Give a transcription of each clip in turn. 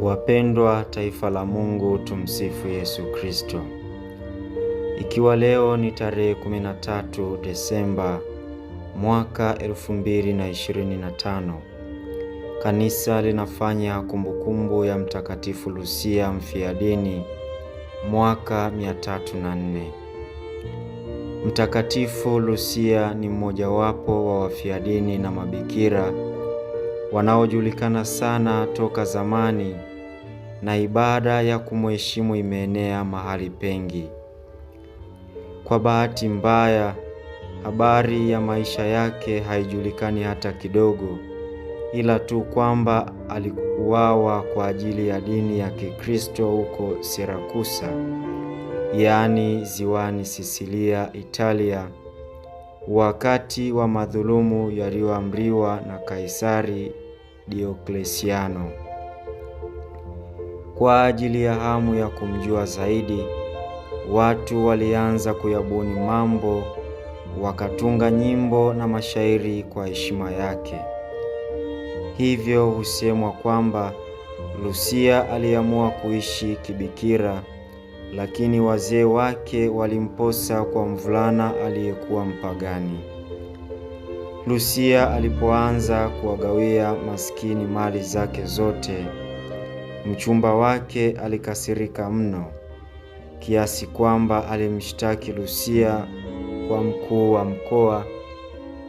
Wapendwa taifa la Mungu, tumsifu Yesu Kristo. Ikiwa leo ni tarehe 13 Desemba mwaka 2025, kanisa linafanya kumbukumbu ya Mtakatifu Lusia mfiadini mwaka 304. Mtakatifu Lusia ni mmojawapo wa wafiadini na mabikira wanaojulikana sana toka zamani, na ibada ya kumheshimu imeenea mahali pengi. Kwa bahati mbaya, habari ya maisha yake haijulikani hata kidogo, ila tu kwamba alikuwawa kwa ajili ya dini ya Kikristo huko Sirakusa yaani ziwani Sisilia, Italia, wakati wa madhulumu yaliyoamriwa na Kaisari Dioklesiano. Kwa ajili ya hamu ya kumjua zaidi, watu walianza kuyabuni mambo, wakatunga nyimbo na mashairi kwa heshima yake. Hivyo husemwa kwamba Lucia aliamua kuishi kibikira lakini wazee wake walimposa kwa mvulana aliyekuwa mpagani. Lusia alipoanza kuwagawia maskini mali zake zote, mchumba wake alikasirika mno kiasi kwamba alimshtaki Lusia kwa mkuu wa mkoa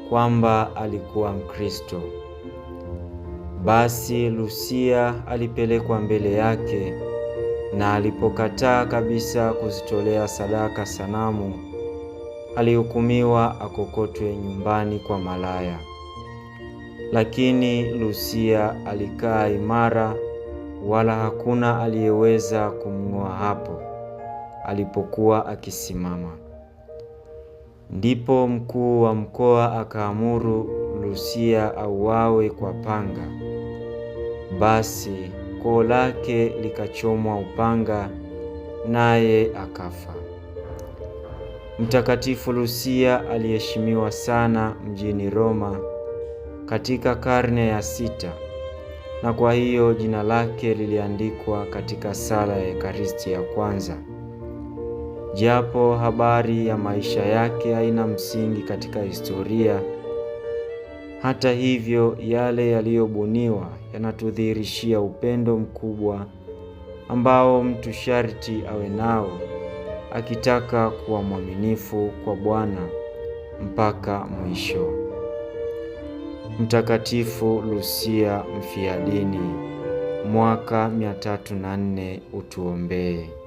kwamba alikuwa Mkristo. Basi Lusia alipelekwa mbele yake na alipokataa kabisa kuzitolea sadaka sanamu, alihukumiwa akokotwe nyumbani kwa malaya. Lakini Lusia alikaa imara, wala hakuna aliyeweza kumng'oa hapo alipokuwa akisimama. Ndipo mkuu wa mkoa akaamuru Lusia auawe kwa panga. Basi koo lake likachomwa upanga, naye akafa. Mtakatifu Lusia aliheshimiwa sana mjini Roma katika karne ya sita, na kwa hiyo jina lake liliandikwa katika sala ya Ekaristi ya kwanza, japo habari ya maisha yake haina msingi katika historia. Hata hivyo, yale yaliyobuniwa yanatudhihirishia upendo mkubwa ambao mtu sharti awe nao akitaka kuwa mwaminifu kwa Bwana mpaka mwisho. Mtakatifu Lusia mfiadini, mwaka 304, utuombee.